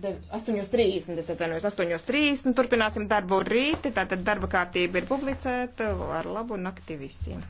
8.30, es atvainojos, 8.30, turpināsim darbu rīti, tātad darba kārtība ir publicēta, ar labu nakti visiem!